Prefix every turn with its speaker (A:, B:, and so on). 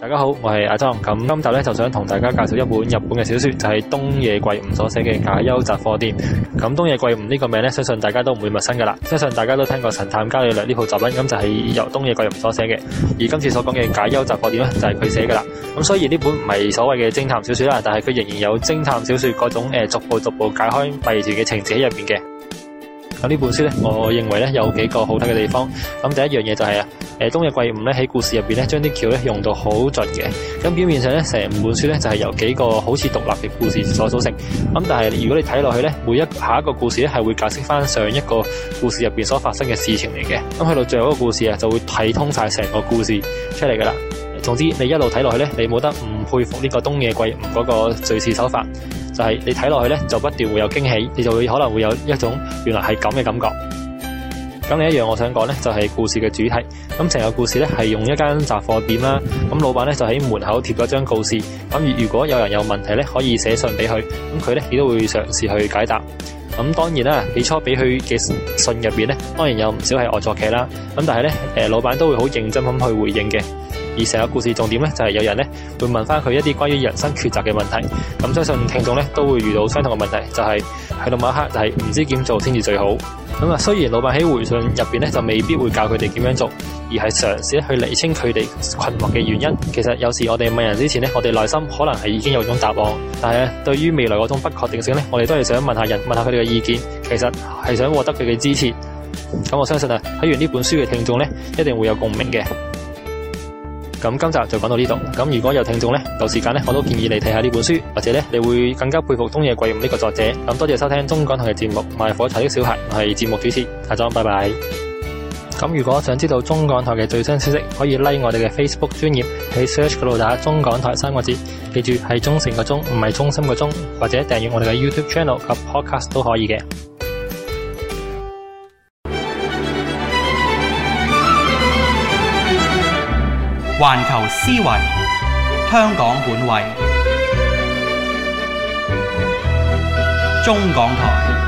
A: 大家好，我係阿莊，咁今集咧，就想同大家介紹一本日本嘅小說，就係東野圭吾所寫嘅《解憂雜貨店》。咁東野圭吾呢個名咧，相信大家都唔會陌生噶啦，相信大家都聽過《神探伽利略》呢套作品，咁就係、是、由東野圭吾所寫嘅。而今次所講嘅《解憂雜貨店》咧、就是，就係佢寫噶啦。咁雖然呢本唔係所謂嘅偵探小說啦，但係佢仍然有偵探小說嗰種誒逐步逐步解開謎團嘅情節喺入邊嘅。咁呢本書呢，我認為呢，有幾個好睇嘅地方。咁第一樣嘢就係、是、啊，誒、呃、冬日季梧呢，喺故事入邊呢，將啲橋呢用到好盡嘅。咁表面上呢，成本書呢，就係、是、由幾個好似獨立嘅故事所組成。咁但係如果你睇落去呢，每一下一個故事呢，係會解釋翻上一個故事入邊所發生嘅事情嚟嘅。咁去到最後一個故事啊，就會睇通晒成個故事出嚟噶啦。總之，你一路睇落去咧，你冇得唔佩服呢個東野圭吾嗰個敘事手法。就係你睇落去咧，就不斷會有驚喜，你就會可能會有一種原來係咁嘅感覺。咁另一樣，我想講咧，就係故事嘅主題。咁成個故事咧係用一間雜貨店啦。咁老闆咧就喺門口貼咗張告示，咁如如果有人有問題咧，可以寫信俾佢，咁佢咧亦都會嘗試去解答。咁當然啦，起初俾佢嘅信入邊咧，當然有唔少係惡作劇啦。咁但係咧，誒老闆都會好認真咁去回應嘅。而成個故事重點咧，就係有人咧會問翻佢一啲關於人生抉擇嘅問題。咁相信聽眾咧都會遇到相同嘅問題，就係去到某一刻，就係唔知點做先至最好。咁啊，雖然老闆喺回信入邊咧就未必會教佢哋點樣做，而係嘗試去厘清佢哋困惑嘅原因。其實有時我哋問人之前咧，我哋內心可能係已經有種答案，但係對於未來嗰種不確定性咧，我哋都係想問下人，問下佢哋嘅意見。其實係想獲得佢嘅支持。咁我相信啊，睇完呢本書嘅聽眾咧，一定會有共鳴嘅。咁今集就講到呢度。咁如果有聽眾呢，有時間呢，我都建議你睇下呢本書，或者呢，你會更加佩服東野圭吾呢個作者。咁多謝收聽中港台嘅節目，賣火柴的小孩，我係節目主持阿莊，拜拜。咁如果想知道中港台嘅最新消息，可以拉、like、我哋嘅 Facebook 專頁，喺 Search 嗰度打中港台三個字，記住係中成個中，唔係中心個中，或者訂閱我哋嘅 YouTube Channel 及 Podcast 都可以嘅。環球思維，香港本位，中港台。